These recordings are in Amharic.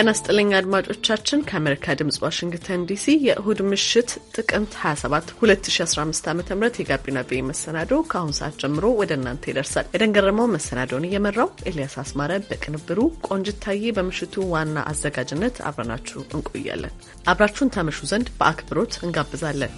ጤና ስጥልኝ አድማጮቻችን፣ ከአሜሪካ ድምጽ ዋሽንግተን ዲሲ የእሁድ ምሽት ጥቅምት 27 2015 ዓ ም የጋቢና ቤ መሰናዶ ከአሁን ሰዓት ጀምሮ ወደ እናንተ ይደርሳል። የደንገረመው መሰናዶውን እየመራው ኤልያስ አስማረ፣ በቅንብሩ ቆንጅታዬ፣ በምሽቱ ዋና አዘጋጅነት አብረናችሁ እንቆያለን። አብራችሁን ታመሹ ዘንድ በአክብሮት እንጋብዛለን።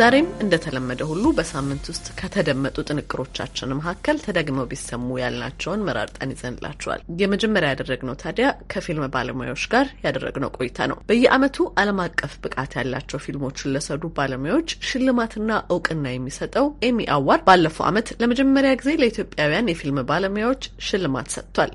ዛሬም እንደተለመደ ሁሉ በሳምንት ውስጥ ከተደመጡ ጥንቅሮቻችን መካከል ተደግመው ቢሰሙ ያልናቸውን መራርጠን ይዘንላቸዋል። የመጀመሪያ ያደረግነው ታዲያ ከፊልም ባለሙያዎች ጋር ያደረግነው ቆይታ ነው። በየዓመቱ ዓለም አቀፍ ብቃት ያላቸው ፊልሞችን ለሰሩ ባለሙያዎች ሽልማትና እውቅና የሚሰጠው ኤሚ አዋር ባለፈው ዓመት ለመጀመሪያ ጊዜ ለኢትዮጵያውያን የፊልም ባለሙያዎች ሽልማት ሰጥቷል።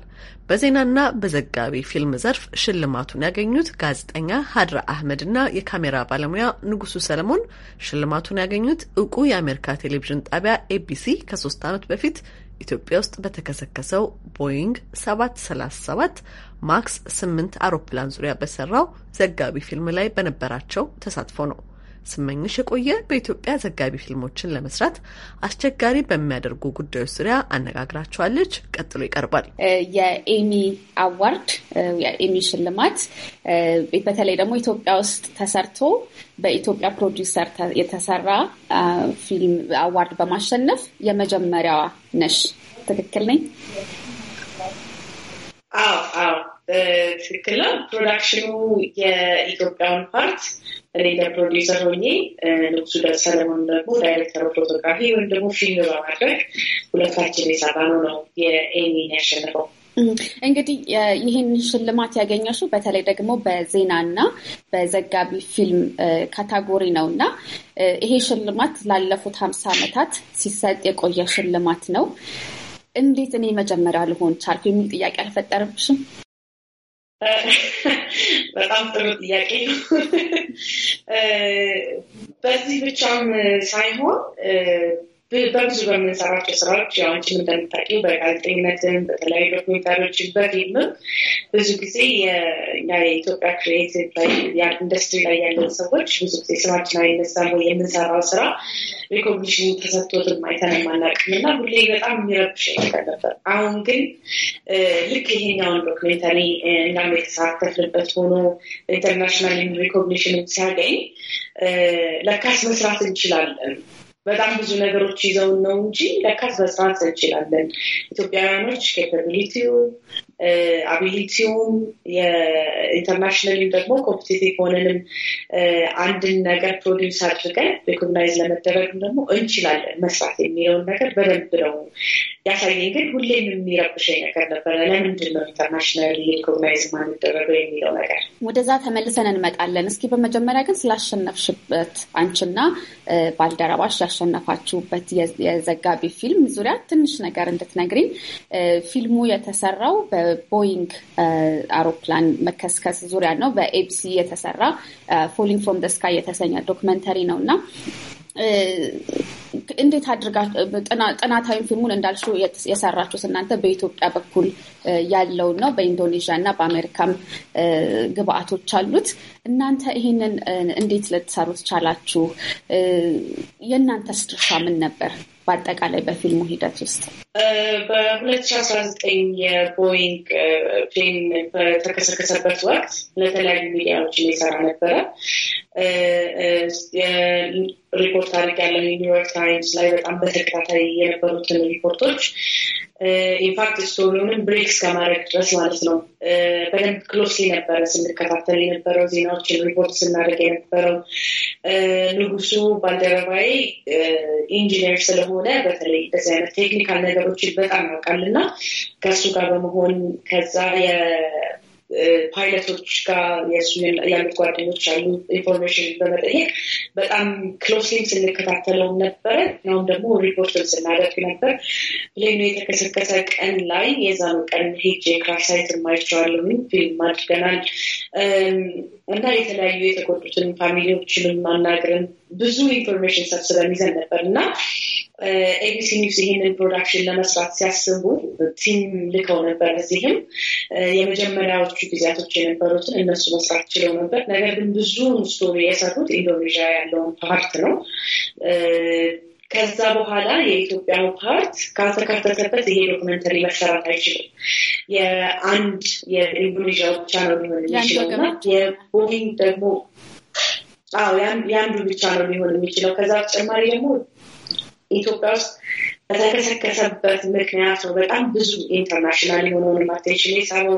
በዜናና በዘጋቢ ፊልም ዘርፍ ሽልማቱን ያገኙት ጋዜጠኛ ሀድራ አህመድ እና የካሜራ ባለሙያ ንጉሱ ሰለሞን ሽልማቱን ያገኙት እውቁ የአሜሪካ ቴሌቪዥን ጣቢያ ኤቢሲ ከሶስት ዓመት በፊት ኢትዮጵያ ውስጥ በተከሰከሰው ቦይንግ 737 ማክስ 8 አውሮፕላን ዙሪያ በሰራው ዘጋቢ ፊልም ላይ በነበራቸው ተሳትፎ ነው። ስመኝሽ የቆየ በኢትዮጵያ ዘጋቢ ፊልሞችን ለመስራት አስቸጋሪ በሚያደርጉ ጉዳዮች ዙሪያ አነጋግራቸዋለች። ቀጥሎ ይቀርባል። የኤሚ አዋርድ የኤሚ ሽልማት በተለይ ደግሞ ኢትዮጵያ ውስጥ ተሰርቶ በኢትዮጵያ ፕሮዲውሰር የተሰራ ፊልም አዋርድ በማሸነፍ የመጀመሪያዋ ነሽ። ትክክል ነኝ? አዎ፣ አዎ፣ ትክክል ነው። ፕሮዳክሽኑ የኢትዮጵያውን ፓርት እኔ ለፕሮዲውሰር ሆኜ ንጉሱ ሰለሞን ደግሞ ዳይሬክተር ፎቶግራፊ ወይም ደግሞ ፊልም በማድረግ ሁለታችን የሰራነው ነው የኤሚን ያሸነፈው። እንግዲህ ይህን ሽልማት ያገኘሽው በተለይ ደግሞ በዜና እና በዘጋቢ ፊልም ካታጎሪ ነው እና ይሄ ሽልማት ላለፉት ሀምሳ ዓመታት ሲሰጥ የቆየ ሽልማት ነው። እንዴት እኔ መጀመሪያ ልሆን ቻልኩ የሚል ጥያቄ አልፈጠረብሽም? በጣም ጥሩ ጥያቄ ነው። በዚህ ብቻም ሳይሆን በብዙ በምንሰራቸው ስራዎች አንቺም እንደምታውቂው በጋዜጠኝነትም በተለያዩ ዶክሜንታሪዎችን በፊልምም ብዙ ጊዜ የእኛ የኢትዮጵያ ክሬቲቭ ኢንዱስትሪ ላይ ያለን ሰዎች ብዙ ጊዜ ስማችን አይነሳም ወይ የምንሰራው ስራ ሪኮግኒሽን ተሰጥቶትም አይተን አናውቅም እና ሁሌ በጣም የሚረብሽ ነበር። አሁን ግን ልክ ይሄኛውን ዶክሜንታሪ እኛም የተሳተፍንበት ሆኖ ኢንተርናሽናል ሪኮግኒሽን ሲያገኝ ለካስ መስራት እንችላለን በጣም ብዙ ነገሮች ይዘውን ነው እንጂ ለካስ መስራት እንችላለን። ኢትዮጵያውያኖች ኬፐብሊቲው አቢሊቲውም የኢንተርናሽናልም ደግሞ ኮምፒቴቲቭ ሆነንም አንድን ነገር ፕሮዲውስ አድርገን ሪኮግናይዝ ለመደረግም ደግሞ እንችላለን መስራት የሚለውን ነገር በደንብ ነው ያሳየኝ። ግን ሁሌም የሚረብሸኝ ነገር ነበረ፣ ለምንድን ነው ኢንተርናሽናል ሪኮግናይዝ ማንደረገው የሚለው ነገር። ወደዛ ተመልሰን እንመጣለን። እስኪ በመጀመሪያ ግን ስላሸነፍሽበት አንቺና ባልደረባሽ ያሸነፋችሁበት የዘጋቢ ፊልም ዙሪያ ትንሽ ነገር እንድትነግሪኝ። ፊልሙ የተሰራው በቦይንግ አውሮፕላን መከስከስ ዙሪያ ነው። በኤቢሲ የተሰራ ፎሊንግ ፍሮም ደ ስካይ የተሰኘ ዶክመንተሪ ነው እና እንዴት አድርጋ ጥናታዊ ፊልሙን እንዳልሽው የሰራችሁት እናንተ በኢትዮጵያ በኩል ያለውን ነው። በኢንዶኔዥያ እና በአሜሪካም ግብአቶች አሉት። እናንተ ይህንን እንዴት ልትሰሩት ቻላችሁ? የእናንተስ ድርሻ ምን ነበር? በአጠቃላይ በፊልሙ ሂደት ውስጥ በሁለት ሺህ አስራ ዘጠኝ የቦይንግ ፕሌን በተከሰከሰበት ወቅት ለተለያዩ ሚዲያዎች የሰራ ነበረ። ሪፖርት አድርግ ያለው ኒውዮርክ ታይምስ ላይ በጣም በተከታታይ የነበሩትን ሪፖርቶች ኢንፋክት ስቶሪውንም ብሬክ እስከማድረግ ድረስ ማለት ነው። በደንብ ክሎስ ነበረ ስንከታተል የነበረው ዜናዎችን ሪፖርት ስናደርግ የነበረው። ንጉሱ ባልደረባዬ ኢንጂነር ስለሆነ በተለይ እንደዚህ አይነት ቴክኒካል ነገሮችን በጣም ያውቃል እና ከእሱ ጋር በመሆን ከዛ ፓይለቶች ጋር ያሉት ጓደኞች አሉ ኢንፎርሜሽን በመጠየቅ በጣም ክሎስሊም ስንከታተለው ነበረ። ያውም ደግሞ ሪፖርትን ስናደርግ ነበር። ፕሌኑ የተከሰከሰ ቀን ላይ የዛኑ ቀን ሄጅ የክራሳይት ሳይትን ማይቸዋለሁኝ ፊልም አድርገናል። እና የተለያዩ የተጎዱትን ፋሚሊዎችንም ማናገርን ብዙ ኢንፎርሜሽን ሰብስበን ይዘን ነበር እና ኤቢሲ ኒውስ ይህንን ፕሮዳክሽን ለመስራት ሲያስቡ ቲም ልከው ነበር። እዚህም የመጀመሪያዎቹ ጊዜያቶች የነበሩትን እነሱ መስራት ችለው ነበር። ነገር ግን ብዙ ስቶሪ የሰሩት ኢንዶኔዥያ ያለውን ፓርት ነው። ከዛ በኋላ የኢትዮጵያ ፓርት ካልተካተተበት ይሄ ዶክመንተሪ መሰራት አይችልም። የአንድ የኢንዶኔዥያ ብቻ ነው ሊሆን የሚችለውና የቦይንግ ደግሞ የአንዱ ብቻ ነው ሊሆን የሚችለው። ከዛ በተጨማሪ ደግሞ ኢትዮጵያ ውስጥ በተከሰከሰበት ምክንያት ነው። በጣም ብዙ ኢንተርናሽናል የሆነውን አቴንሽን የሳበው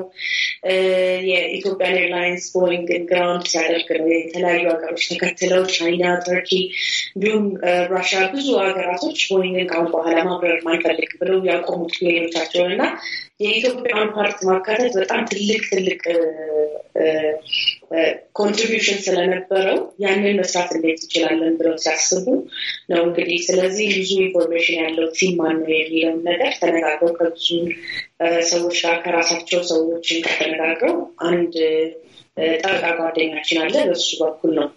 የኢትዮጵያን ኤርላይንስ ቦይንግን ግራውንድ ሲያደርግ ነው። የተለያዩ ሀገሮች ተከትለው ቻይና፣ ተርኪ እንዲሁም ራሽያ፣ ብዙ ሀገራቶች ቦይንግን ካሁን በኋላ ማብረር ማንፈልግ ብለው ያቆሙት ሌሎቻቸውን እና የኢትዮጵያን ፓርት ማካተት በጣም ትልቅ ትልቅ ኮንትሪቢሽን ስለነበረው ያንን መስራት እንዴት እንችላለን ብለው ሲያስቡ ነው። እንግዲህ ስለዚህ ብዙ ኢንፎርሜሽን ያለው ቲም ማን ነው የሚለውን ነገር ተነጋግረው ከብዙ ሰዎች ጋር ከራሳቸው ሰዎችን ከተነጋግረው አንድ ጠበቃ ጓደኛችን አለ። በሱ በኩል ነው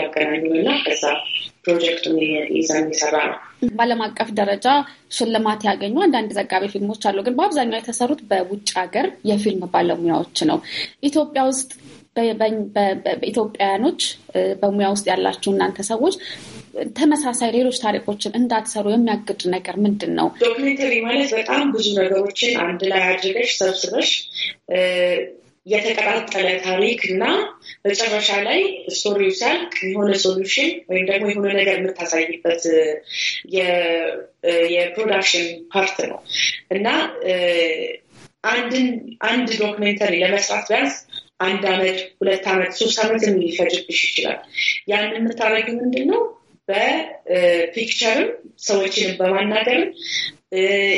ያገናኙ እና ከዛ ፕሮጀክቱን ይዘን የሰራ ነው። በዓለም አቀፍ ደረጃ ሽልማት ያገኙ አንዳንድ ዘጋቢ ፊልሞች አሉ፣ ግን በአብዛኛው የተሰሩት በውጭ ሀገር የፊልም ባለሙያዎች ነው። ኢትዮጵያ ውስጥ በኢትዮጵያውያኖች በሙያ ውስጥ ያላችሁ እናንተ ሰዎች ተመሳሳይ ሌሎች ታሪኮችን እንዳትሰሩ የሚያግድ ነገር ምንድን ነው? ዶክሜንተሪ ማለት በጣም ብዙ ነገሮችን አንድ ላይ አድርገሽ ሰብስበሽ የተቀጣጠለ ታሪክ እና መጨረሻ ላይ ስቶሪው ሲያልቅ የሆነ ሶሉሽን ወይም ደግሞ የሆነ ነገር የምታሳይበት የፕሮዳክሽን ፓርት ነው እና አንድን አንድ ዶክሜንተሪ ለመስራት ቢያንስ አንድ አመት፣ ሁለት አመት፣ ሶስት አመት ሊፈጅብሽ ይችላል። ያን የምታረጊው ምንድን ነው? በፒክቸርም ሰዎችንም በማናገርም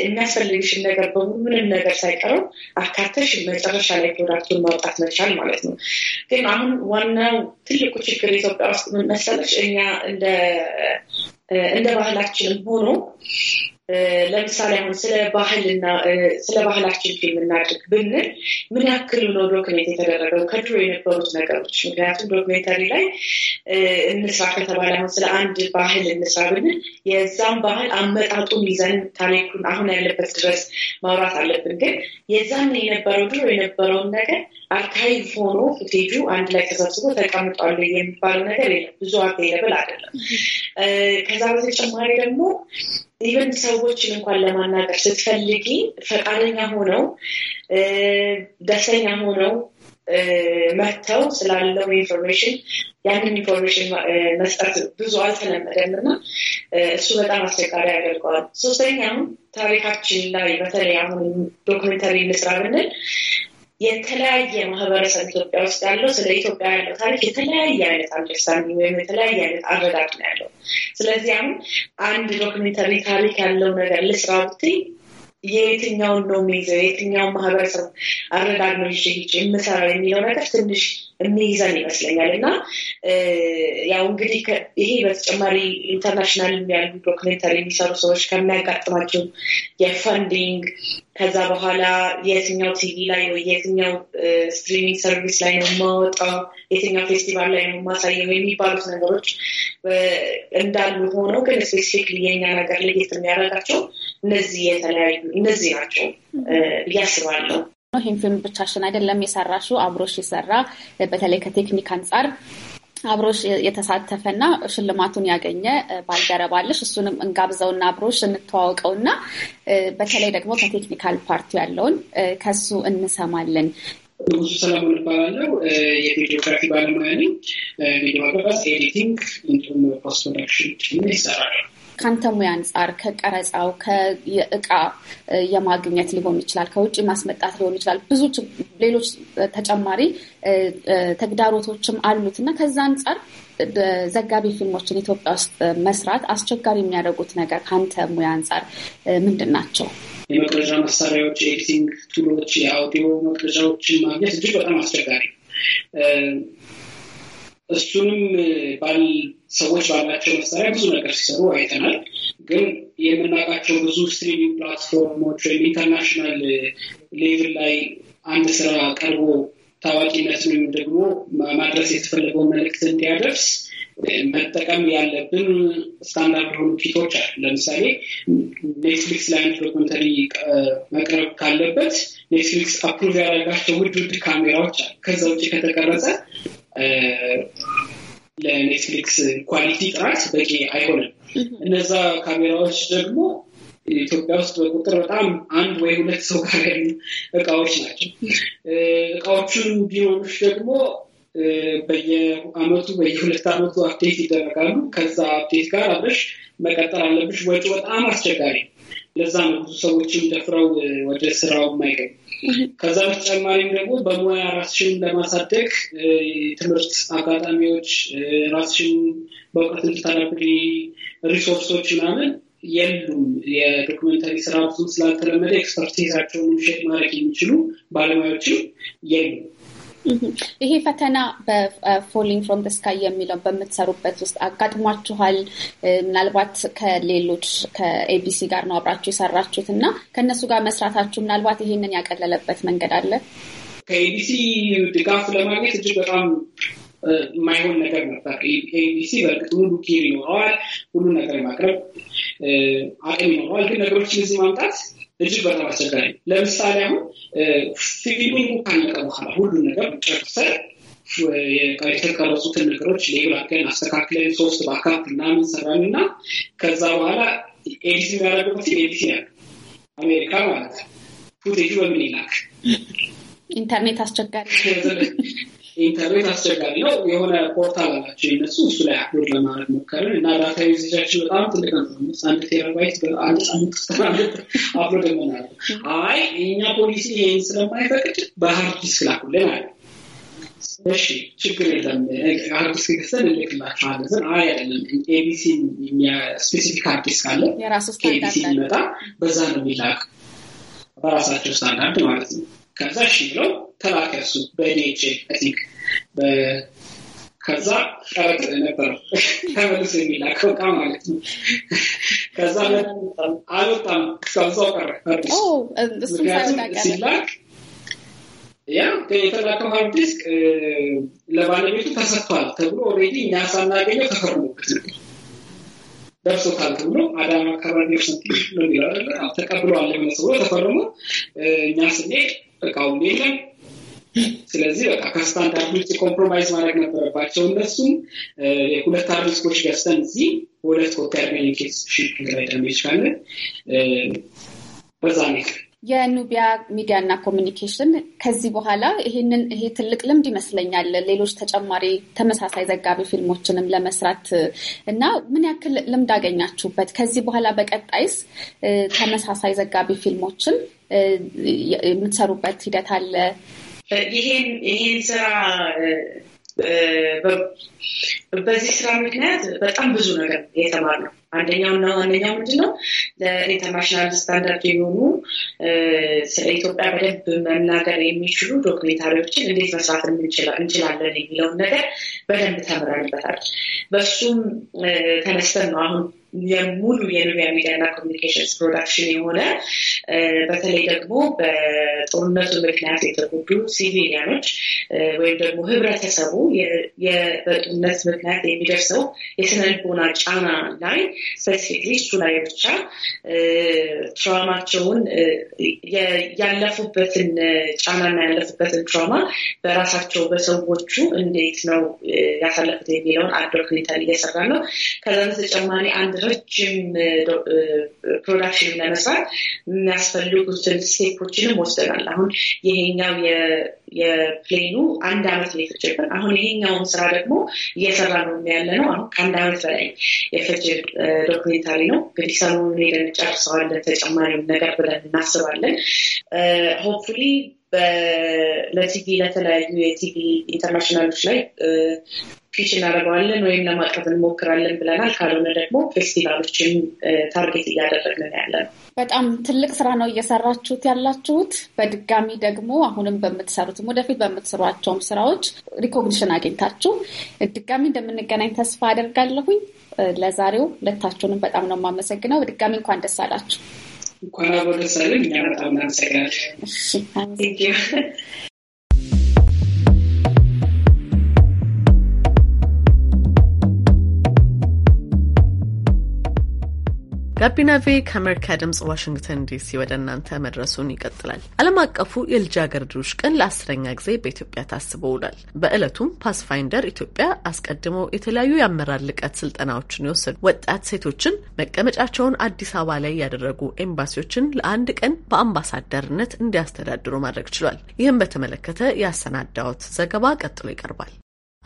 የሚያስፈልግሽን ነገር በሙሉ ነገር ሳይቀረው አካተሽ መጨረሻ ላይ ፕሮዳክቱን ማውጣት መቻል ማለት ነው። ግን አሁን ዋናው ትልቁ ችግር ኢትዮጵያ ውስጥ ምን እኛ እንደ ባህላችንም ሆኖ ለምሳሌ አሁን ስለ ባህልና ስለ ባህላችን ፊልም እናድርግ ብንል ምን ያክል ነው ዶክሜንት የተደረገው ከድሮ የነበሩት ነገሮች? ምክንያቱም ዶክሜንተሪ ላይ እንስራ ከተባለ አሁን ስለ አንድ ባህል እንስራ ብንል የዛም ባህል አመጣጡን ይዘን ታሪኩን አሁን ያለበት ድረስ ማውራት አለብን። ግን የዛን የነበረው ድሮ የነበረውን ነገር አርካይቭ ሆኖ ፉቴጁ አንድ ላይ ተሰብስቦ ተቀምጧል የሚባለው ነገር የለም። ብዙ አቬለብል አይደለም። ከዛ በተጨማሪ ደግሞ ኢቨንት ሰዎችን እንኳን ለማናገር ስትፈልጊ ፈቃደኛ ሆነው ደስተኛ ሆነው መጥተው ስላለው ኢንፎርሜሽን ያንን ኢንፎርሜሽን መስጠት ብዙ አልተለመደም እና እሱ በጣም አስቸጋሪ ያደርገዋል። ሶስተኛም ታሪካችን ላይ በተለይ አሁን ዶክመንተሪ እንስራ ብንል የተለያየ ማህበረሰብ ኢትዮጵያ ውስጥ ያለው ስለ ኢትዮጵያ ያለው ታሪክ የተለያየ አይነት አንደርስታንዲንግ ወይም የተለያየ አይነት አረዳድ ነው ያለው። ስለዚህ አሁን አንድ ዶክሜንተሪ ታሪክ ያለው ነገር ልስራ ብትይ የየትኛውን ነው የሚይዘው የትኛውን ማህበረሰብ አረዳድ ነው ይዤ የምሰራው የሚለው ነገር ትንሽ የሚይዘን ይመስለኛል። እና ያው እንግዲህ ይሄ በተጨማሪ ኢንተርናሽናል ያሉ ዶክሜንተሪ የሚሰሩ ሰዎች ከሚያጋጥማቸው የፈንዲንግ ከዛ በኋላ የትኛው ቲቪ ላይ ነው የትኛው ስትሪሚንግ ሰርቪስ ላይ ነው የማወጣው፣ የትኛው ፌስቲቫል ላይ ነው የማሳየው የሚባሉት ነገሮች እንዳሉ ሆነው ግን ስፔሲፊክ የኛ ነገር ለየት የሚያደርጋቸው እነዚህ የተለያዩ እነዚህ ናቸው ብዬ አስባለሁ። ይህን ፊልም ብቻሽን አይደለም የሰራሽው፣ አብሮሽ የሰራ በተለይ ከቴክኒክ አንጻር አብሮሽ የተሳተፈና ሽልማቱን ያገኘ ባልደረባለሽ እሱንም እንጋብዘውና አብሮሽ እንተዋወቀውና በተለይ ደግሞ ከቴክኒካል ፓርቲ ያለውን ከሱ እንሰማለን። ንጉሱ ሰለሞን እባላለሁ። የቪዲዮግራፊ ባለሙያ ነኝ። ቪዲዮግራፍ ኤዲቲንግ፣ እንዲሁም ፖስት ፕሮዳክሽን ይሰራል። ከአንተ ሙያ አንጻር ከቀረጻው ከእቃ የማግኘት ሊሆን ይችላል፣ ከውጭ ማስመጣት ሊሆን ይችላል፣ ብዙ ሌሎች ተጨማሪ ተግዳሮቶችም አሉት እና ከዛ አንጻር ዘጋቢ ፊልሞችን ኢትዮጵያ ውስጥ መስራት አስቸጋሪ የሚያደርጉት ነገር ከአንተ ሙያ አንጻር ምንድን ናቸው? የመቅረጫ መሳሪያዎች፣ የኤዲቲንግ ቱሎች፣ የአውዲዮ መቅረጫዎችን ማግኘት እጅግ በጣም አስቸጋሪ እሱንም ባል ሰዎች ባላቸው መሳሪያ ብዙ ነገር ሲሰሩ አይተናል። ግን የምናውቃቸው ብዙ ስትሪሚንግ ፕላትፎርሞች ወይም ኢንተርናሽናል ሌቭል ላይ አንድ ስራ ቀርቦ ታዋቂነት ወይም ደግሞ ማድረስ የተፈለገውን መልእክት እንዲያደርስ መጠቀም ያለብን ስታንዳርድ የሆኑ ፊቶች አሉ። ለምሳሌ ኔትፍሊክስ ላይ አንድ ዶኩመንተሪ መቅረብ ካለበት ኔትፍሊክስ አፕሩቭ ያደረጋቸው ውድ ውድ ካሜራዎች አሉ። ከዛ ውጭ ከተቀረጸ ለኔትፍሊክስ ኳሊቲ ጥራት በቂ አይሆንም። እነዛ ካሜራዎች ደግሞ ኢትዮጵያ ውስጥ በቁጥር በጣም አንድ ወይ ሁለት ሰው ጋር ያሉ እቃዎች ናቸው። እቃዎቹን ቢኖሩሽ ደግሞ በየአመቱ በየሁለት አመቱ አፕዴት ይደረጋሉ። ከዛ አፕዴት ጋር አብረሽ መቀጠል አለብሽ። ወጪ በጣም አስቸጋሪ ነው። ለዛ ነው ብዙ ሰዎችም ደፍረው ወደ ስራው የማይገቡ። ከዛ በተጨማሪም ደግሞ በሙያ ራስሽን ለማሳደግ ትምህርት አጋጣሚዎች፣ ራስሽን በእውቀት እንድታዳብሪ ሪሶርሶች ምናምን የሉም። የዶክመንታሪ ስራ ብዙ ስላልተለመደ ኤክስፐርቲዛቸውን ሼር ማድረግ የሚችሉ ባለሙያዎችም የሉም። ይሄ ፈተና በፎሊንግ ፍሮም ስካይ የሚለው በምትሰሩበት ውስጥ አጋጥሟችኋል? ምናልባት ከሌሎች ከኤቢሲ ጋር ነው አብራችሁ የሰራችሁት እና ከእነሱ ጋር መስራታችሁ ምናልባት ይሄንን ያቀለለበት መንገድ አለ? ከኤቢሲ ድጋፍ ለማግኘት እጅግ በጣም የማይሆን ነገር ነበር። ኤቢሲ በእርግጥ ሁሉ ኬር ይኖረዋል፣ ሁሉ ነገር ማቅረብ አቅም ነው። ግን ነገሮችን እዚህ ማምጣት እጅግ በጣም አስቸጋሪ ነው። ለምሳሌ አሁን ፊልሙን ካለቀ በኋላ ሁሉን ነገር ጨርሰ የተቀረጹትን ነገሮች ሌብል አድርገን አስተካክለን ሶስት በአካት ምናምን ሰራን እና ከዛ በኋላ ኤዲት የሚያደርጉበት ኤዲት ያ አሜሪካ ማለት ነው። ፉቴጅ በምን ይላክ ኢንተርኔት አስቸጋሪ ኢንተርኔት አስቸጋሪ ነው። የሆነ ፖርታል አላቸው የነሱ እሱ ላይ አፕሎድ ለማድረግ ሞከርን እና ዳታ ዩዜቻችን በጣም ትልቅ ነው። አንድ ቴራባይት በአንድ ሳምንት አፕሎድ ለመናለ አይ የኛ ፖሊሲ ይህን ስለማይፈቅድ በሀርድ ዲስክ ላኩልን አለ። እሺ ችግር የለም አርዲስ ገሰን ገዝተን እንልክላቸዋለን። አይ አይደለም ኤቢሲ ስፔሲፊክ አርዲስ ካለ ኤቢሲ ከኤቢሲ ይመጣ በዛ ነው የሚላክ በራሳቸው ስታንዳርድ ማለት ነው። ከዛ እሺ ብለው ተላከ እሱ በዲኤች ቲንክ ከዛ ቀረጥ ነበር ተመልሶ የሚላከው ዕቃ ማለት ነው። ከዛ አልወጣም እስካሁን ቀረ። ሲላክ ያ የተላከው ሀርድ ዲስክ ለባለቤቱ ተሰጥቷል ተብሎ ኦልሬዲ እኛ ሳናገኘው ተፈርሞበት ደርሶታል ተብሎ አዳማ አካባቢ ሰንት ተቀብሏል ለመስሎ ተፈርሞ እኛ ስንሄድ ተቃውሞ የለም። ስለዚህ በቃ ከስታንዳርድ ውጭ ኮምፕሮማይዝ ማድረግ ነበረባቸው። እነሱም የሁለት አርቲስቶች ገዝተን እዚህ ሁለት ኮፒ አድርገን ኬስ ላይ ዳሜጅ ይችላለን በዛ ሜክር የኑቢያ ሚዲያ እና ኮሚኒኬሽን ከዚህ በኋላ ይህንን ይሄ ትልቅ ልምድ ይመስለኛል ሌሎች ተጨማሪ ተመሳሳይ ዘጋቢ ፊልሞችንም ለመስራት እና ምን ያክል ልምድ አገኛችሁበት? ከዚህ በኋላ በቀጣይስ ተመሳሳይ ዘጋቢ ፊልሞችን የምትሰሩበት ሂደት አለ? ይሄን ስራ በዚህ ስራ ምክንያት በጣም ብዙ ነገር የተማርነው አንደኛው እና ዋነኛው ምንድነው ለኢንተርናሽናል ስታንዳርድ የሆኑ ስለ ኢትዮጵያ በደንብ መናገር የሚችሉ ዶክሜንታሪዎችን እንዴት መስራት እንችላለን የሚለውን ነገር በደንብ ተምረንበታል። በሱም ተነስተን ነው አሁን የሙሉ የኑቢያ ሚዲያና እና ኮሚኒኬሽንስ ፕሮዳክሽን የሆነ በተለይ ደግሞ በጦርነቱ ምክንያት የተጎዱ ሲቪሊያኖች ወይም ደግሞ ህብረተሰቡ በጦርነት ምክንያት የሚደርሰው የስነልቦና ጫና ላይ ስፔሲፊክሊ እሱ ላይ ብቻ ትራማቸውን ያለፉበትን ጫናና ያለፉበትን ትራማ በራሳቸው በሰዎቹ እንዴት ነው ያሳለፉት የሚለውን አድዶክሜንታሪ እየሰራ ነው። ከዛ በተጨማሪ አንድ ረጅም ፕሮዳክሽን ለመስራት የሚያስፈልጉትን ስቴፖችንም ወስደናል። አሁን ይሄኛው የፕሌኑ አንድ አመት ነው የተጀመረ። አሁን ይሄኛውን ስራ ደግሞ እየሰራ ነው ያለ ነው። አሁን ከአንድ አመት በላይ የፈጀ ዶክሜንታሪ ነው። እንግዲህ ሰሞኑን ሄደን ጨርሰዋለን። ተጨማሪም ነገር ብለን እናስባለን። ሆፕፉሊ ለቲቪ ለተለያዩ የቲቪ ኢንተርናሽናሎች ላይ ፊች እናደርገዋለን ወይም ለማቅረብ እንሞክራለን ብለናል። ካልሆነ ደግሞ ፌስቲቫሎችን ታርጌት እያደረግን ያለ ነው። በጣም ትልቅ ስራ ነው እየሰራችሁት ያላችሁት። በድጋሚ ደግሞ አሁንም በምትሰሩትም ወደፊት በምትሰሯቸውም ስራዎች ሪኮግኒሽን አግኝታችሁ ድጋሚ እንደምንገናኝ ተስፋ አደርጋለሁኝ። ለዛሬው ሁለታችሁንም በጣም ነው የማመሰግነው። በድጋሚ እንኳን ደስ አላችሁ። እንኳን አብሮ እኛ በጣም እናመሰግናለን። ጋቢና ቬ ከአሜሪካ ድምጽ ዋሽንግተን ዲሲ ወደ እናንተ መድረሱን ይቀጥላል። ዓለም አቀፉ የልጃገረዶች ቀን ለአስረኛ ጊዜ በኢትዮጵያ ታስቦ ውሏል። በዕለቱም ፓስፋይንደር ኢትዮጵያ አስቀድሞ የተለያዩ የአመራር ልቀት ስልጠናዎችን የወሰዱ ወጣት ሴቶችን መቀመጫቸውን አዲስ አበባ ላይ ያደረጉ ኤምባሲዎችን ለአንድ ቀን በአምባሳደርነት እንዲያስተዳድሩ ማድረግ ችሏል። ይህም በተመለከተ የአሰናዳዎት ዘገባ ቀጥሎ ይቀርባል።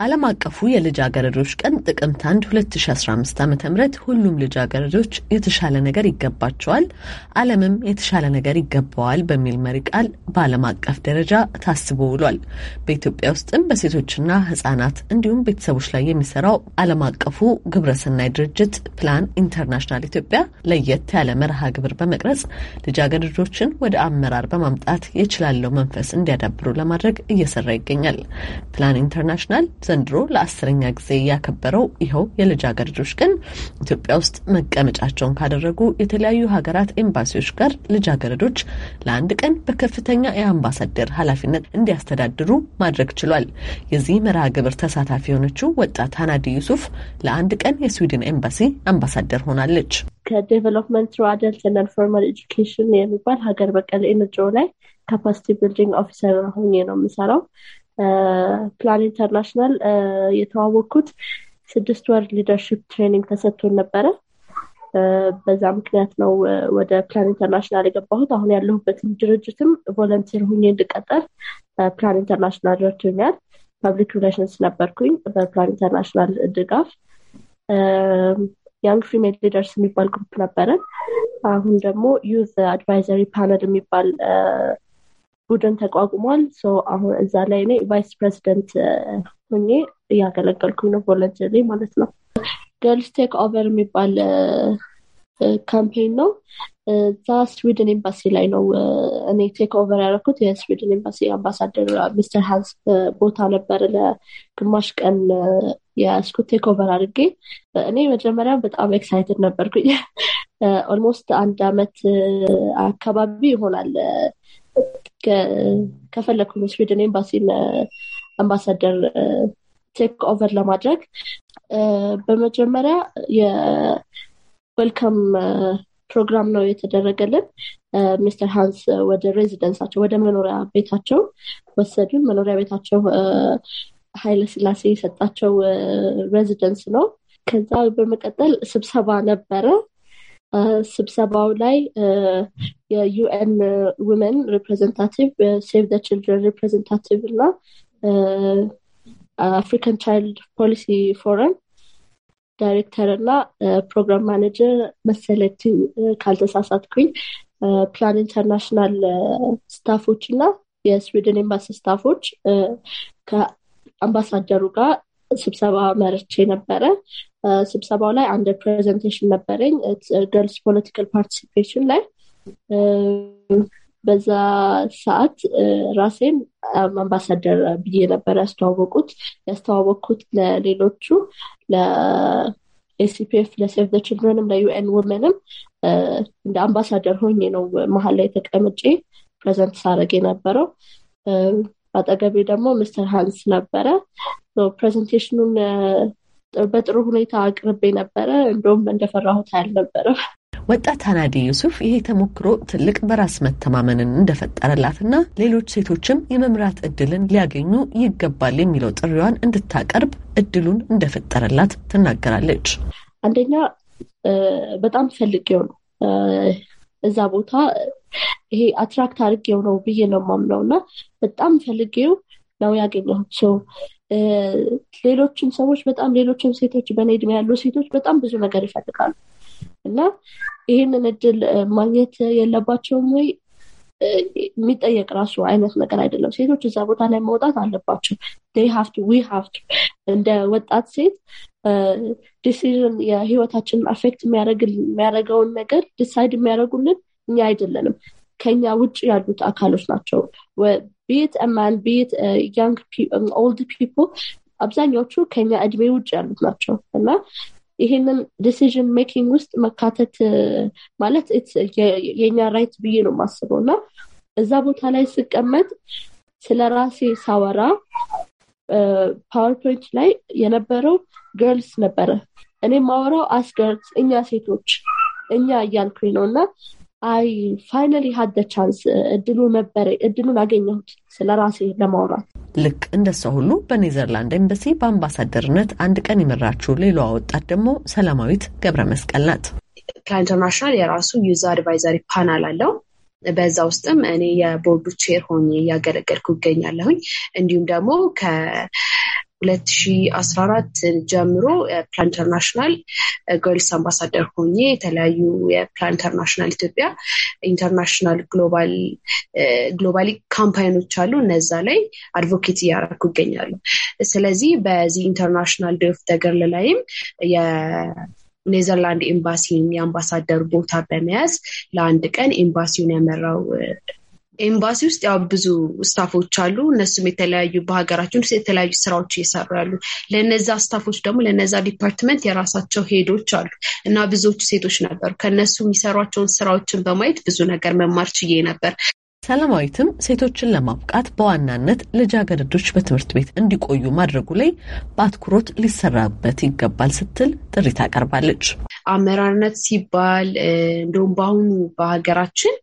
ዓለም አቀፉ የልጃገረዶች ቀን ጥቅምት 1 2015 ዓ ም ሁሉም ልጃገረዶች የተሻለ ነገር ይገባቸዋል፣ ዓለምም የተሻለ ነገር ይገባዋል በሚል መሪ ቃል በዓለም አቀፍ ደረጃ ታስቦ ውሏል። በኢትዮጵያ ውስጥም በሴቶችና ህጻናት እንዲሁም ቤተሰቦች ላይ የሚሰራው ዓለም አቀፉ ግብረሰናይ ድርጅት ፕላን ኢንተርናሽናል ኢትዮጵያ ለየት ያለ መርሃ ግብር በመቅረጽ ልጃገረዶችን ወደ አመራር በማምጣት የችላለው መንፈስ እንዲያዳብሩ ለማድረግ እየሰራ ይገኛል። ፕላን ኢንተርናሽናል ዘንድሮ ለአስረኛ ጊዜ ያከበረው ይኸው የልጃገረዶች ቀን ኢትዮጵያ ውስጥ መቀመጫቸውን ካደረጉ የተለያዩ ሀገራት ኤምባሲዎች ጋር ልጃገረዶች ለአንድ ቀን በከፍተኛ የአምባሳደር ኃላፊነት እንዲያስተዳድሩ ማድረግ ችሏል። የዚህ መርሃ ግብር ተሳታፊ የሆነችው ወጣት ሀናዲ ዩሱፍ ለአንድ ቀን የስዊድን ኤምባሲ አምባሳደር ሆናለች። ከዴቨሎፕመንት ሮ አደልት ፎርማል ኤጁኬሽን የሚባል ሀገር በቀል ኤንጂኦ ላይ ካፓሲቲ ቢልዲንግ ኦፊሰር ሆኜ ነው የምሰራው። ፕላን ኢንተርናሽናል የተዋወቅኩት ስድስት ወር ሊደርሽፕ ትሬኒንግ ተሰጥቶን ነበረ። በዛ ምክንያት ነው ወደ ፕላን ኢንተርናሽናል የገባሁት። አሁን ያለሁበትን ድርጅትም ቮለንቲር ሁኜ እንድቀጠር ፕላን ኢንተርናሽናል ረድቶኛል። ፐብሊክ ሪሌሽንስ ነበርኩኝ በፕላን ኢንተርናሽናል ድጋፍ። ያንግ ፊሜል ሊደርስ የሚባል ግሩፕ ነበረን። አሁን ደግሞ ዩዝ አድቫይዘሪ ፓነል የሚባል ቡድን ተቋቁሟል። አሁን እዛ ላይ እኔ ቫይስ ፕሬዚደንት ሆኜ እያገለገልኩኝ ነው፣ ቮለንተሪ ማለት ነው። ገርልስ ቴክ ኦቨር የሚባል ካምፔን ነው። እዛ ስዊድን ኤምባሲ ላይ ነው እኔ ቴክ ኦቨር ያደረኩት። የስዊድን ኤምባሲ አምባሳደር ሚስተር ሃንስ ቦታ ነበር ለግማሽ ቀን የያዝኩት ቴክ ኦቨር አድርጌ። እኔ መጀመሪያ በጣም ኤክሳይትድ ነበርኩኝ። ኦልሞስት አንድ አመት አካባቢ ይሆናል ከፈለግኩ ስዊድን ኤምባሲ አምባሳደር ቴክ ኦቨር ለማድረግ በመጀመሪያ የዌልካም ፕሮግራም ነው የተደረገልን። ሚስተር ሃንስ ወደ ሬዚደንሳቸው ወደ መኖሪያ ቤታቸው ወሰዱን። መኖሪያ ቤታቸው ሀይለ ስላሴ የሰጣቸው ሬዚደንስ ነው። ከዛ በመቀጠል ስብሰባ ነበረ። ስብሰባው ላይ የዩኤን ውመን ሪፕሬዘንታቲቭ ሴቭ ደ ችልድረን ሪፕሬዘንታቲቭ እና አፍሪካን ቻይልድ ፖሊሲ ፎረም ዳይሬክተር እና ፕሮግራም ማኔጀር መሰለቲ ካልተሳሳትኩኝ ፕላን ኢንተርናሽናል ስታፎች እና የስዊድን ኤምባሲ ስታፎች ከአምባሳደሩ ጋር ስብሰባ መርቼ ነበረ። ስብሰባው ላይ አንድ ፕሬዘንቴሽን ነበረኝ ገርልስ ፖለቲካል ፓርቲሲፔሽን ላይ በዛ ሰዓት ራሴን አምባሳደር ብዬ ነበር ያስተዋወቁት ያስተዋወቅኩት ለሌሎቹ ለኤሲፒኤፍ ለሴቭ ችልድረንም ለዩኤን ውመንም እንደ አምባሳደር ሆኜ ነው መሀል ላይ ተቀምጬ ፕሬዘንት ሳረግ የነበረው በአጠገቤ ደግሞ ምስተር ሃንስ ነበረ ፕሬዘንቴሽኑን በጥሩ ሁኔታ አቅርቤ ነበረ። እንደውም እንደፈራሁት አልነበረም። ወጣት አናዲ ዩሱፍ ይሄ ተሞክሮ ትልቅ በራስ መተማመንን እንደፈጠረላትና ሌሎች ሴቶችም የመምራት እድልን ሊያገኙ ይገባል የሚለው ጥሪዋን እንድታቀርብ እድሉን እንደፈጠረላት ትናገራለች። አንደኛ በጣም ፈልጌው የሆኑ እዛ ቦታ ይሄ አትራክት አድርጌው ነው ብዬ ነው የማምነው እና በጣም ፈልጌው ነው ያገኘሁት ሰው ሌሎችም ሰዎች በጣም ሌሎችም ሴቶች በእኔ እድሜ ያሉ ሴቶች በጣም ብዙ ነገር ይፈልጋሉ እና ይህንን እድል ማግኘት የለባቸውም ወይ የሚጠየቅ ራሱ አይነት ነገር አይደለም። ሴቶች እዛ ቦታ ላይ መውጣት አለባቸው። ሀፍቱ ዊ ሀፍቱ እንደ ወጣት ሴት ዲሲዥን የህይወታችንን አፌክት የሚያደርገውን ነገር ዲሳይድ የሚያደርጉልን እኛ አይደለንም፣ ከኛ ውጭ ያሉት አካሎች ናቸው። ቤት ኢት ቤት ማን ያንግ ኦልድ ፒፕል አብዛኛዎቹ ከኛ እድሜ ውጭ ያሉት ናቸው እና ይሄንን ዲሲዥን ሜኪንግ ውስጥ መካተት uh, ማለት የኛ ራይት ብዬ ነው የማስበው እና እዛ ቦታ ላይ ስቀመጥ ስለ ራሴ ሳወራ ፓወርፖይንት uh, ላይ የነበረው ገርልስ ነበረ። እኔ ማወራው አስገርልስ እኛ ሴቶች እኛ እያልኩኝ ነው እና አይ ፋይናሊ ሀደ ቻንስ እድሉ ነበረ፣ እድሉን አገኘሁት ስለ ራሴ ለማውራት። ልክ እንደሷ ሁሉ በኔዘርላንድ ኤምበሲ በአምባሳደርነት አንድ ቀን የመራችው ሌላዋ ወጣት ደግሞ ሰላማዊት ገብረ መስቀል ናት። ከኢንተርናሽናል ኢንተርናሽናል የራሱ ዩዘር አድቫይዘሪ ፓናል አለው። በዛ ውስጥም እኔ የቦርዱ ቼር ሆኜ እያገለገልኩ ይገኛለሁኝ። እንዲሁም ደግሞ 2014 ጀምሮ ፕላን ኢንተርናሽናል ገርልስ አምባሳደር ሆኜ የተለያዩ የፕላን ኢንተርናሽናል ኢትዮጵያ ኢንተርናሽናል ግሎባሊ ካምፓይኖች አሉ። እነዛ ላይ አድቮኬት እያደረኩ ይገኛሉ። ስለዚህ በዚህ ኢንተርናሽናል ዴይ ኦፍ ዘ ገርል ላይም ኔዘርላንድ ኤምባሲን የአምባሳደር ቦታ በመያዝ ለአንድ ቀን ኤምባሲውን ያመራው ኤምባሲ ውስጥ ያው ብዙ ስታፎች አሉ። እነሱም የተለያዩ በሀገራችን ውስጥ የተለያዩ ስራዎች እየሰሩ ያሉ ለነዛ ስታፎች ደግሞ ለነዛ ዲፓርትመንት የራሳቸው ሄዶች አሉ እና ብዙዎቹ ሴቶች ነበሩ። ከነሱ የሚሰሯቸውን ስራዎችን በማየት ብዙ ነገር መማር ችዬ ነበር። ሰላማዊትም ሴቶችን ለማብቃት በዋናነት ልጃገረዶች በትምህርት ቤት እንዲቆዩ ማድረጉ ላይ በአትኩሮት ሊሰራበት ይገባል ስትል ጥሪ ታቀርባለች። አመራርነት ሲባል እንደውም በአሁኑ በሀገራችን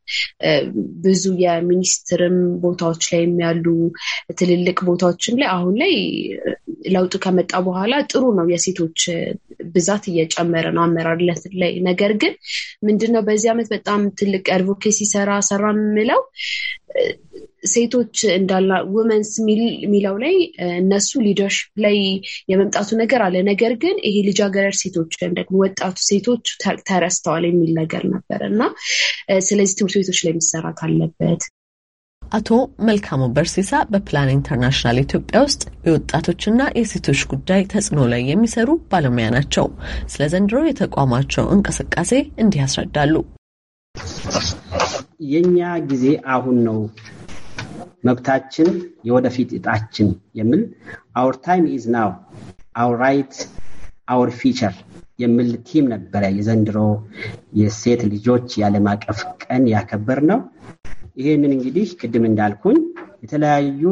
ብዙ የሚኒስትርም ቦታዎች ላይ ያሉ ትልልቅ ቦታዎችም ላይ አሁን ላይ ለውጥ ከመጣ በኋላ ጥሩ ነው፣ የሴቶች ብዛት እየጨመረ ነው አመራርነት ላይ። ነገር ግን ምንድነው በዚህ ዓመት በጣም ትልቅ አድቮኬሲ ሰራ ሰራ የምለው ሴቶች እንዳላ ውመንስ የሚለው ላይ እነሱ ሊደርሽፕ ላይ የመምጣቱ ነገር አለ። ነገር ግን ይሄ ልጃገረድ ሴቶች ወይም ደግሞ ወጣቱ ሴቶች ተረስተዋል የሚል ነገር ነበር እና ስለዚህ ትምህርት ቤቶች ላይ መሰራት አለበት። አቶ መልካሙ በርሴሳ በፕላን ኢንተርናሽናል ኢትዮጵያ ውስጥ የወጣቶችና የሴቶች ጉዳይ ተጽዕኖ ላይ የሚሰሩ ባለሙያ ናቸው። ስለ ዘንድሮ የተቋማቸው እንቅስቃሴ እንዲህ ያስረዳሉ። የእኛ ጊዜ አሁን ነው፣ መብታችን የወደፊት እጣችን የሚል አውር ታይም ኢዝ ናው አውር ራይት አውር ፊቸር የሚል ቲም ነበረ የዘንድሮ የሴት ልጆች የዓለም አቀፍ ቀን ያከበር ነው። ይህንን እንግዲህ ቅድም እንዳልኩኝ የተለያዩ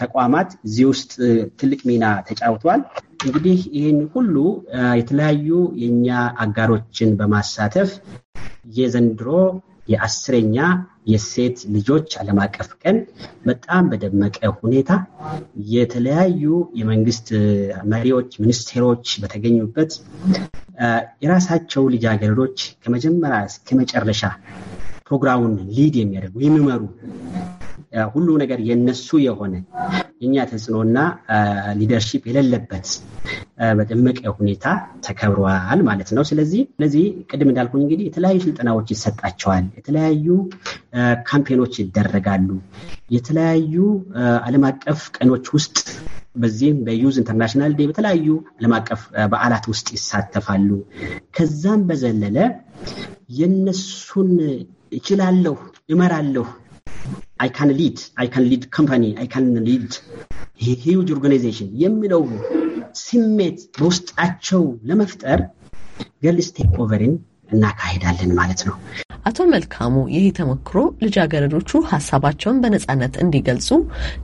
ተቋማት እዚህ ውስጥ ትልቅ ሚና ተጫውተዋል። እንግዲህ ይህን ሁሉ የተለያዩ የእኛ አጋሮችን በማሳተፍ የዘንድሮ የአስረኛ የሴት ልጆች ዓለም አቀፍ ቀን በጣም በደመቀ ሁኔታ የተለያዩ የመንግስት መሪዎች፣ ሚኒስቴሮች በተገኙበት የራሳቸው ልጃገረዶች ከመጀመሪያ እስከ መጨረሻ ፕሮግራሙን ሊድ የሚያደርጉ የሚመሩ ሁሉ ነገር የነሱ የሆነ የኛ ተጽዕኖና ሊደርሺፕ የሌለበት በደመቀ ሁኔታ ተከብሯል ማለት ነው። ስለዚህ እነዚህ ቅድም እንዳልኩኝ እንግዲህ የተለያዩ ስልጠናዎች ይሰጣቸዋል፣ የተለያዩ ካምፔኖች ይደረጋሉ፣ የተለያዩ ዓለም አቀፍ ቀኖች ውስጥ በዚህም በዩዝ ኢንተርናሽናል ዴ በተለያዩ ዓለም አቀፍ በዓላት ውስጥ ይሳተፋሉ። ከዛም በዘለለ የነሱን እችላለሁ እመራለሁ አይ ካን ሊድ አይ ካን ሊድ ኮምፓኒ አይ ካን ሊድ ሂውጅ ኦርጋናይዜሽን የሚለው ስሜት በውስጣቸው ለመፍጠር ገርልስ ቴክ ኦቨርን እናካሄዳለን ማለት ነው። አቶ መልካሙ ይህ ተሞክሮ ልጃገረዶቹ ሀሳባቸውን በነጻነት እንዲገልጹ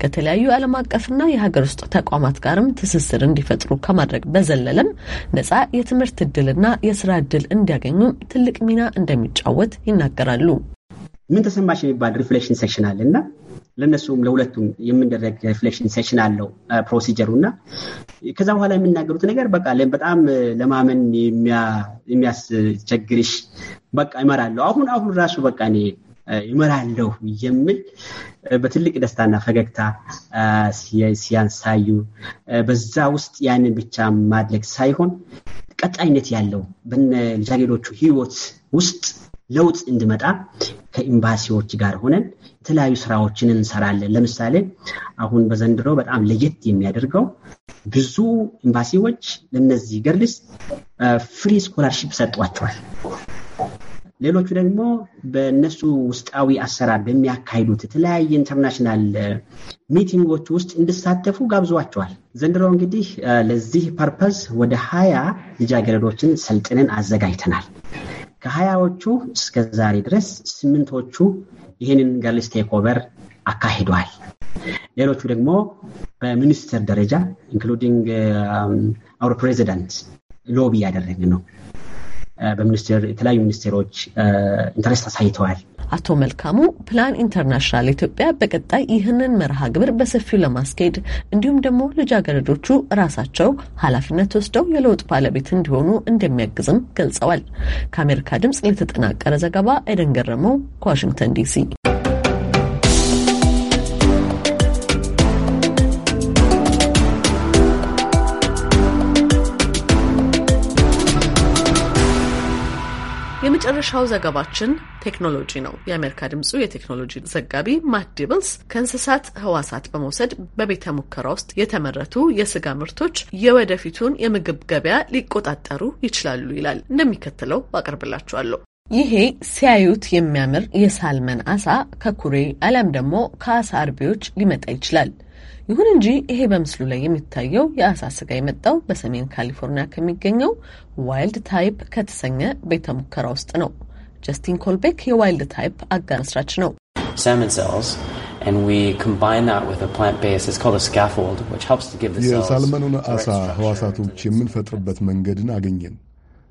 ከተለያዩ ዓለም አቀፍና የሀገር ውስጥ ተቋማት ጋርም ትስስር እንዲፈጥሩ ከማድረግ በዘለለም ነጻ የትምህርት እድልና የስራ እድል እንዲያገኙም ትልቅ ሚና እንደሚጫወት ይናገራሉ። ምን ተሰማሽ የሚባል ሪፍሌክሽን ሴሽን አለ እና ለእነሱም ለሁለቱም የምንደረግ ሪፍሌክሽን ሴሽን አለው ፕሮሲጀሩ እና ከዛ በኋላ የሚናገሩት ነገር በቃ በጣም ለማመን የሚያስቸግርሽ በቃ ይመራለሁ አሁን አሁን ራሱ በቃ እኔ ይመራለሁ የሚል በትልቅ ደስታና ፈገግታ ሲያንሳዩ በዛ ውስጥ ያንን ብቻ ማድረግ ሳይሆን ቀጣይነት ያለው በነ ልጃገረዶቹ ህይወት ውስጥ ለውጥ እንዲመጣ ከኤምባሲዎች ጋር ሆነን የተለያዩ ስራዎችን እንሰራለን። ለምሳሌ አሁን በዘንድሮ በጣም ለየት የሚያደርገው ብዙ ኤምባሲዎች ለነዚህ ገርልስ ፍሪ ስኮላርሽፕ ሰጧቸዋል። ሌሎቹ ደግሞ በእነሱ ውስጣዊ አሰራር በሚያካሂዱት የተለያየ ኢንተርናሽናል ሚቲንጎች ውስጥ እንዲሳተፉ ጋብዟቸዋል። ዘንድሮ እንግዲህ ለዚህ ፐርፐዝ ወደ ሀያ ልጃገረዶችን ሰልጥነን አዘጋጅተናል። ከሀያዎቹ እስከ ዛሬ ድረስ ስምንቶቹ ይህንን ገርልስ ቴክኦቨር አካሂደዋል። ሌሎቹ ደግሞ በሚኒስትር ደረጃ ኢንክሉዲንግ አውር um, ፕሬዚደንት ሎቢ ያደረግ ነው። uh, በሚኒስትር የተለያዩ ሚኒስቴሮች ኢንተረስት uh, አሳይተዋል። አቶ መልካሙ ፕላን ኢንተርናሽናል ኢትዮጵያ በቀጣይ ይህንን መርሃ ግብር በሰፊው ለማስኬድ እንዲሁም ደግሞ ልጃገረዶቹ ራሳቸው ኃላፊነት ወስደው የለውጥ ባለቤት እንዲሆኑ እንደሚያግዝም ገልጸዋል። ከአሜሪካ ድምጽ ለተጠናቀረ ዘገባ ኤደን ገረመው ከዋሽንግተን ዲሲ የመጨረሻው ዘገባችን ቴክኖሎጂ ነው። የአሜሪካ ድምፁ የቴክኖሎጂ ዘጋቢ ማት ዲብልስ ከእንስሳት ህዋሳት በመውሰድ በቤተ ሙከራ ውስጥ የተመረቱ የስጋ ምርቶች የወደፊቱን የምግብ ገበያ ሊቆጣጠሩ ይችላሉ ይላል። እንደሚከተለው አቀርብላችኋለሁ። ይሄ ሲያዩት የሚያምር የሳልመን አሳ ከኩሬ አሊያም ደግሞ ከአሳ አርቢዎች ሊመጣ ይችላል። ይሁን እንጂ ይሄ በምስሉ ላይ የሚታየው የአሳ ስጋ የመጣው በሰሜን ካሊፎርኒያ ከሚገኘው ዋይልድ ታይፕ ከተሰኘ ቤተ ሙከራ ውስጥ ነው። ጀስቲን ኮልቤክ የዋይልድ ታይፕ አጋር መስራች ነው። የሳልመኑን አሳ ህዋሳቶች የምንፈጥርበት መንገድን አገኘን።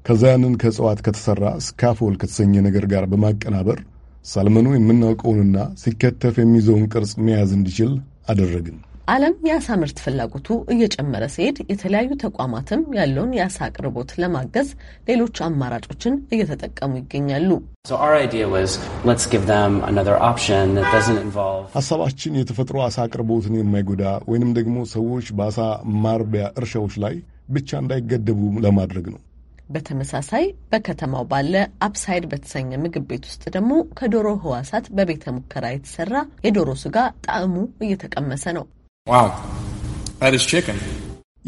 ከዛ ያንን ከእጽዋት ከተሠራ ስካፎል ከተሰኘ ነገር ጋር በማቀናበር ሳልመኑ የምናውቀውንና ሲከተፍ የሚይዘውን ቅርጽ መያዝ እንዲችል አደረግን። ዓለም የአሳ ምርት ፍላጎቱ እየጨመረ ሲሄድ የተለያዩ ተቋማትም ያለውን የአሳ አቅርቦት ለማገዝ ሌሎች አማራጮችን እየተጠቀሙ ይገኛሉ። ሀሳባችን የተፈጥሮ አሳ አቅርቦትን የማይጎዳ ወይንም ደግሞ ሰዎች በአሳ ማርቢያ እርሻዎች ላይ ብቻ እንዳይገደቡ ለማድረግ ነው። በተመሳሳይ በከተማው ባለ አፕሳይድ በተሰኘ ምግብ ቤት ውስጥ ደግሞ ከዶሮ ህዋሳት በቤተ ሙከራ የተሰራ የዶሮ ስጋ ጣዕሙ እየተቀመሰ ነው።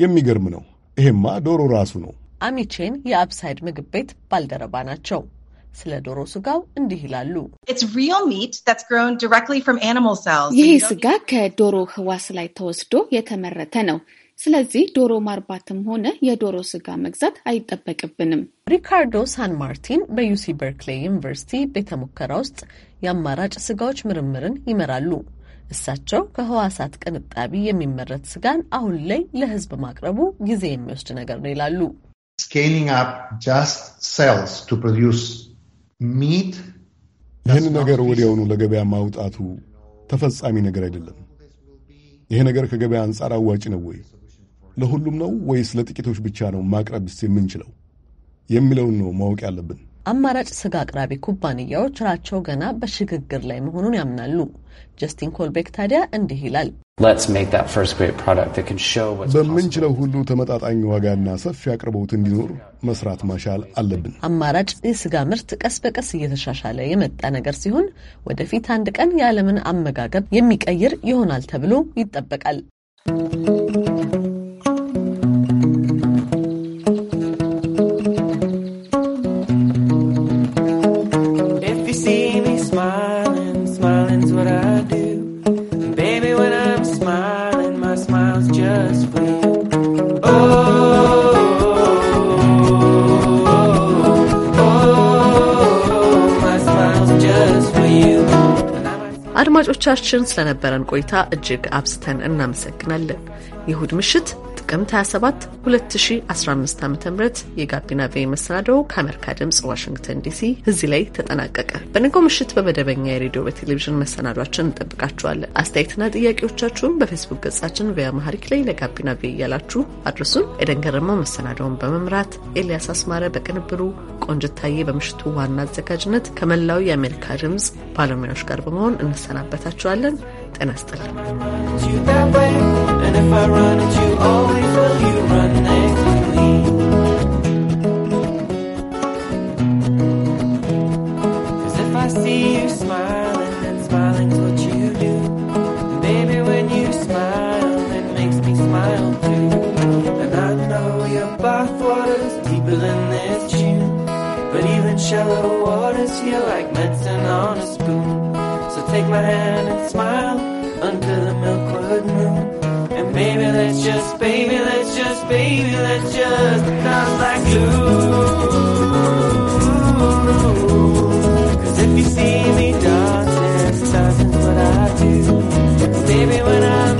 የሚገርም ነው። ይሄማ ዶሮ ራሱ ነው። አሚቼን የአፕሳይድ ምግብ ቤት ባልደረባ ናቸው። ስለ ዶሮ ስጋው እንዲህ ይላሉ። ይህ ስጋ ከዶሮ ህዋስ ላይ ተወስዶ የተመረተ ነው። ስለዚህ ዶሮ ማርባትም ሆነ የዶሮ ስጋ መግዛት አይጠበቅብንም። ሪካርዶ ሳን ማርቲን በዩሲ በርክሌይ ዩኒቨርሲቲ ቤተ ሙከራ ውስጥ የአማራጭ ስጋዎች ምርምርን ይመራሉ። እሳቸው ከህዋሳት ቅንጣቢ የሚመረት ስጋን አሁን ላይ ለህዝብ ማቅረቡ ጊዜ የሚወስድ ነገር ነው ይላሉ። ሚት ይህን ነገር ወዲያውኑ ለገበያ ማውጣቱ ተፈጻሚ ነገር አይደለም። ይሄ ነገር ከገበያ አንጻር አዋጭ ነው ወይ? ለሁሉም ነው ወይስ ለጥቂቶች ብቻ ነው ማቅረብስ የምንችለው የሚለውን ነው ማወቅ ያለብን። አማራጭ ስጋ አቅራቢ ኩባንያዎች ራቸው ገና በሽግግር ላይ መሆኑን ያምናሉ። ጀስቲን ኮልቤክ ታዲያ እንዲህ ይላል። በምንችለው ሁሉ ተመጣጣኝ ዋጋና ሰፊ አቅርቦት እንዲኖር መስራት ማሻል አለብን። አማራጭ የስጋ ምርት ቀስ በቀስ እየተሻሻለ የመጣ ነገር ሲሆን ወደፊት አንድ ቀን የዓለምን አመጋገብ የሚቀይር ይሆናል ተብሎ ይጠበቃል። አድማጮቻችን ስለነበረን ቆይታ እጅግ አብዝተን እናመሰግናለን። የእሁድ ምሽት ጥቅምት 27 2015 ዓ ም የጋቢና ቬ መሰናደው ከአሜሪካ ድምፅ ዋሽንግተን ዲሲ እዚህ ላይ ተጠናቀቀ። በነገው ምሽት በመደበኛ የሬዲዮ በቴሌቪዥን መሰናዷችን እንጠብቃችኋለን። አስተያየትና ጥያቄዎቻችሁን በፌስቡክ ገጻችን ቪያ ላይ ለጋቢና ቬ እያላችሁ አድርሱን። ኤደን ገረመው መሰናደውን በመምራት ኤልያስ አስማረ በቅንብሩ ቆንጅታዬ በምሽቱ ዋና አዘጋጅነት ከመላው የአሜሪካ ድምፅ ባለሙያዎች ጋር በመሆን እንሰናበታችኋለን። ጤና ይስጥልኝ። if I run at you, always will you run next to me. if I see you smiling, then smiling's what you do. And baby, when you smile, it makes me smile too. And I know your bathwater's deeper than this June. But even shallow waters feel like medicine on a spoon. So take my hand and smile. let's just, baby, let's just, baby, let's just dance like glue. Cause if you see me dancing, it's what I do. Baby, when I